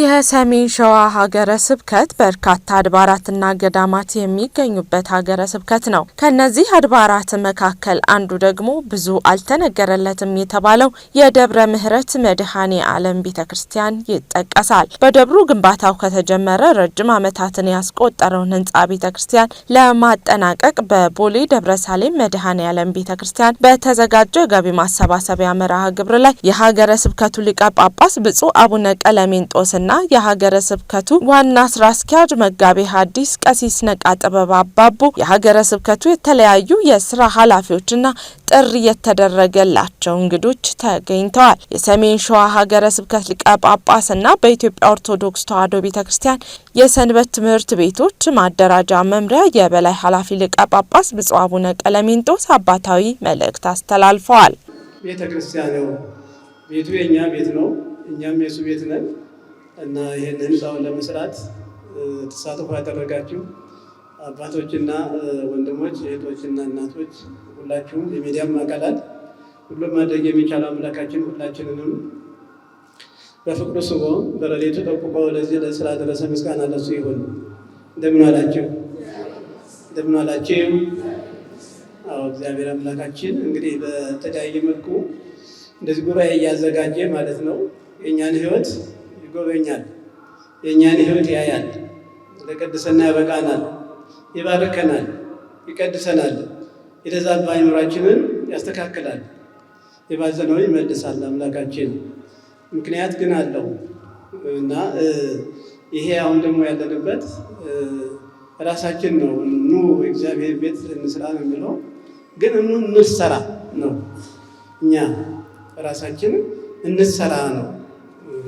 የሰሜን ሸዋ ሀገረ ስብከት በርካታ አድባራትና ገዳማት የሚገኙበት ሀገረ ስብከት ነው። ከነዚህ አድባራት መካከል አንዱ ደግሞ ብዙ አልተነገረለትም የተባለው የደብረ ምሕረት መድኃኔ ዓለም ቤተ ክርስቲያን ይጠቀሳል። በደብሩ ግንባታው ከተጀመረ ረጅም ዓመታትን ያስቆጠረውን ህንፃ ቤተ ክርስቲያን ለማጠናቀቅ በቦሌ ደብረ ሳሌም መድኃኔ ዓለም ቤተ ክርስቲያን በተዘጋጀ ገቢ ማሰባሰቢያ መርሃ ግብር ላይ የሀገረ ስብከቱ ሊቀ ጳጳስ ብፁዕ አቡነ ቀለሜንጦስ እና የሀገረ ስብከቱ ዋና ስራ አስኪያጅ መጋቤ ሐዲስ ቀሲስ ነቃ ጥበብ አባቦ የሀገረ ስብከቱ የተለያዩ የስራ ኃላፊዎችና ጥሪ የተደረገላቸው እንግዶች ተገኝተዋል። የሰሜን ሸዋ ሀገረ ስብከት ሊቀ ና በኢትዮጵያ ኦርቶዶክስ ተዋሕዶ ቤተ ክርስቲያን የሰንበት ትምህርት ቤቶች ማደራጃ መምሪያ የበላይ ኃላፊ ሊቀ ጳጳስ ብፁዕ አቡነ ቀለሜንጦስ አባታዊ መልእክት አስተላልፈዋል። ቤተ ክርስቲያን ቤቱ የእኛ ቤት ነው፣ እኛም የሱ ቤት ነን። እና ይህን ህንፃውን ለመስራት ተሳትፎ ያደረጋችሁ አባቶችና ወንድሞች፣ እህቶችና እናቶች ሁላችሁም፣ የሚዲያም አካላት ሁሉም ማድረግ የሚቻለው አምላካችን ሁላችንንም በፍቅሩ ስቦ በረሌቱ ጠብቆ ለዚህ ለስራ ደረሰ። ምስጋና ለሱ ይሁን። እንደምን አላችሁ? እንደምን አላችሁ? አዎ እግዚአብሔር አምላካችን እንግዲህ በተለያየ መልኩ እንደዚህ ጉባኤ እያዘጋጀ ማለት ነው የእኛን ህይወት ይጎበኛል፣ የእኛን ሕይወት ያያል፣ ለቅድስና ያበቃናል፣ ይባርከናል፣ ይቀድሰናል፣ የተዛባ አይምሯችንን ያስተካክላል፣ የባዘነው ይመልሳል አምላካችን። ምክንያት ግን አለው እና ይሄ አሁን ደግሞ ያለንበት ራሳችን ነው። ኑ እግዚአብሔር ቤት እንስራ ነው የሚለው፣ ግን ኑ እንሰራ ነው። እኛ ራሳችን እንሰራ ነው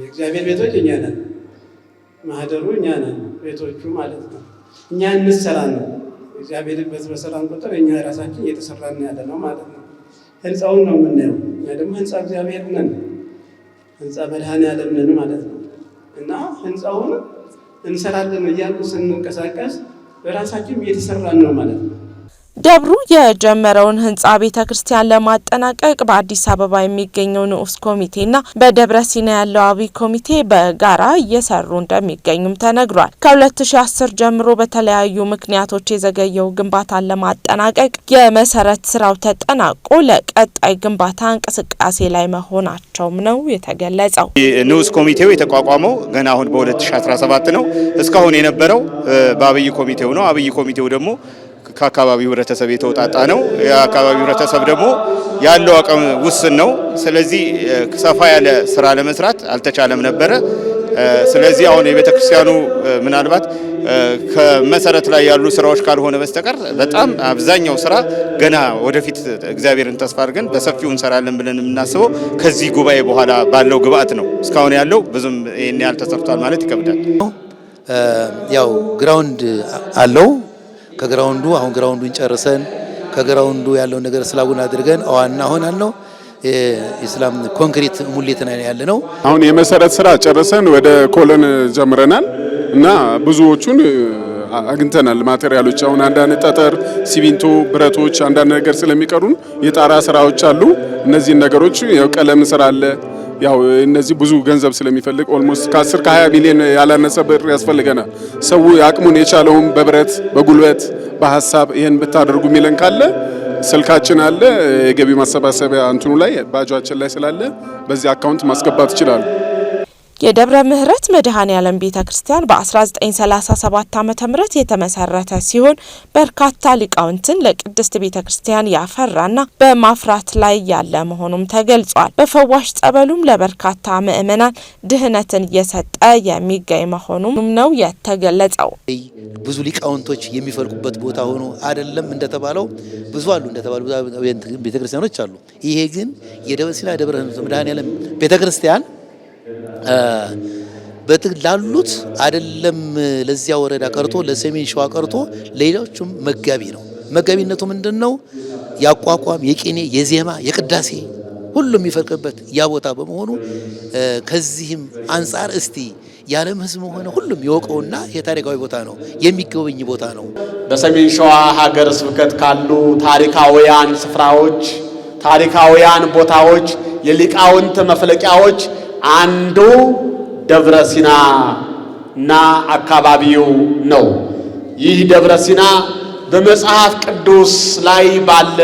የእግዚአብሔር ቤቶች እኛ ነን፣ ማህደሩ እኛ ነን፣ ቤቶቹ ማለት ነው። እኛ እንሰራ ነው። እግዚአብሔር ቤት በሰራን ቁጥር እኛ ራሳችን እየተሰራን ያለ ነው ማለት ነው። ህንፃውን ነው የምናየው እኛ ደግሞ ህንፃ እግዚአብሔር ነን፣ ህንፃ መድኃኔዓለም ነን ማለት ነው። እና ህንፃውን እንሰራለን እያሉ ስንንቀሳቀስ በራሳችን እየተሰራን ነው ማለት ነው። ደብሩ የጀመረውን ህንፃ ቤተ ክርስቲያን ለማጠናቀቅ በአዲስ አበባ የሚገኘው ንዑስ ኮሚቴና በደብረ ሲና ያለው አብይ ኮሚቴ በጋራ እየሰሩ እንደሚገኙም ተነግሯል። ከ2010 ጀምሮ በተለያዩ ምክንያቶች የዘገየው ግንባታን ለማጠናቀቅ የመሰረት ስራው ተጠናቆ ለቀጣይ ግንባታ እንቅስቃሴ ላይ መሆናቸውም ነው የተገለጸው። ንዑስ ኮሚቴው የተቋቋመው ገና አሁን በ2017 ነው። እስካሁን የነበረው በአብይ ኮሚቴው ነው። አብይ ኮሚቴው ደግሞ ከአካባቢው ህብረተሰብ የተውጣጣ ነው። የአካባቢው ህብረተሰብ ደግሞ ያለው አቅም ውስን ነው። ስለዚህ ሰፋ ያለ ስራ ለመስራት አልተቻለም ነበረ። ስለዚህ አሁን የቤተ ክርስቲያኑ ምናልባት ከመሰረት ላይ ያሉ ስራዎች ካልሆነ በስተቀር በጣም አብዛኛው ስራ ገና ወደፊት እግዚአብሔርን ተስፋ አድርገን በሰፊው እንሰራለን ብለን የምናስበው ከዚህ ጉባኤ በኋላ ባለው ግብአት ነው። እስካሁን ያለው ብዙም ይህን ያህል ተሰርቷል ማለት ይከብዳል። ያው ግራውንድ አለው ከግራውንዱ አሁን ግራውንዱን ጨርሰን ከግራውንዱ ያለውን ነገር ስላቡን አድርገን አዋና አሁን አለው የኢስላም ኮንክሪት ሙሌት ነው ያለ ነው። አሁን የመሰረት ስራ ጨርሰን ወደ ኮለን ጀምረናል እና ብዙዎቹን አግኝተናል ማቴሪያሎች። አሁን አንዳንድ ጠጠር፣ ሲሚንቶ፣ ብረቶች አንዳንድ ነገር ስለሚቀሩን የጣራ ስራዎች አሉ። እነዚህን ነገሮች ያው ቀለም ስራ አለ ያው እነዚህ ብዙ ገንዘብ ስለሚፈልግ ኦልሞስት ከ10 ከ20 ሚሊዮን ያላነሰ ብር ያስፈልገናል። ሰው አቅሙን የቻለውን በብረት በጉልበት በሀሳብ ይህን ብታደርጉ የሚለን ካለ ስልካችን አለ የገቢ ማሰባሰቢያ እንትኑ ላይ ባጃችን ላይ ስላለ በዚህ አካውንት ማስገባት ይችላሉ። የደብረ ምሕረት መድኃኔ ዓለም ቤተ ክርስቲያን በ1937 ዓ ም የተመሰረተ ሲሆን በርካታ ሊቃውንትን ለቅድስት ቤተ ክርስቲያን ያፈራና በማፍራት ላይ ያለ መሆኑም ተገልጿል። በፈዋሽ ጸበሉም ለበርካታ ምእመናን ድህነትን እየሰጠ የሚገኝ መሆኑም ነው የተገለጸው። ብዙ ሊቃውንቶች የሚፈልቁበት ቦታ ሆኖ አይደለም እንደተባለው ብዙ አሉ እንደተባሉ ቤተክርስቲያኖች አሉ። ይሄ ግን የደብረ ሲና ደብረ መድኃኔ ዓለም ክርስቲያን ላሉት አይደለም ለዚያ ወረዳ ቀርቶ ለሰሜን ሸዋ ቀርቶ ሌሎቹም መጋቢ ነው። መጋቢነቱ ምንድን ነው? የአቋቋም፣ የቅኔ፣ የዜማ፣ የቅዳሴ ሁሉም የሚፈልቅበት ያ ቦታ በመሆኑ ከዚህም አንጻር እስቲ የዓለም ሕዝብ ሆነ ሁሉም የወቀውና የታሪካዊ ቦታ ነው፣ የሚጎበኝ ቦታ ነው። በሰሜን ሸዋ ሀገር ስብከት ካሉ ታሪካውያን ስፍራዎች፣ ታሪካውያን ቦታዎች፣ የሊቃውንት መፍለቂያዎች አንዱ ደብረ ሲና እና አካባቢው ነው። ይህ ደብረ ሲና በመጽሐፍ ቅዱስ ላይ ባለ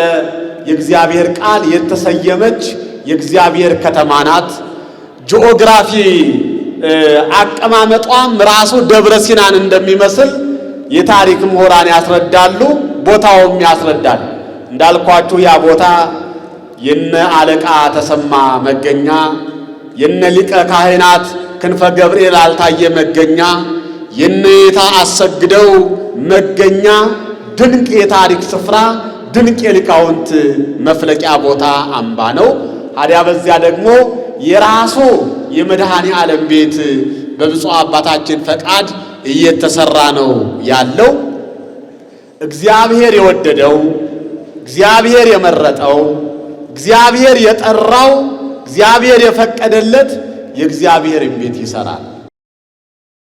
የእግዚአብሔር ቃል የተሰየመች የእግዚአብሔር ከተማ ናት። ጂኦግራፊ አቀማመጧም ራሱ ደብረ ሲናን እንደሚመስል የታሪክ ምሁራን ያስረዳሉ። ቦታውም ያስረዳል። እንዳልኳችሁ ያ ቦታ የነ አለቃ ተሰማ መገኛ የነ ሊቀ ካህናት ክንፈ ገብርኤል አልታየ መገኛ የነየታ አሰግደው መገኛ ድንቅ የታሪክ ስፍራ ድንቅ የሊቃውንት መፍለቂያ ቦታ አምባ ነው። ታዲያ በዚያ ደግሞ የራሱ የመድኃኔ ዓለም ቤት በብፁዕ አባታችን ፈቃድ እየተሰራ ነው ያለው። እግዚአብሔር የወደደው፣ እግዚአብሔር የመረጠው፣ እግዚአብሔር የጠራው እግዚአብሔር የፈቀደለት የእግዚአብሔርን ቤት ይሰራል።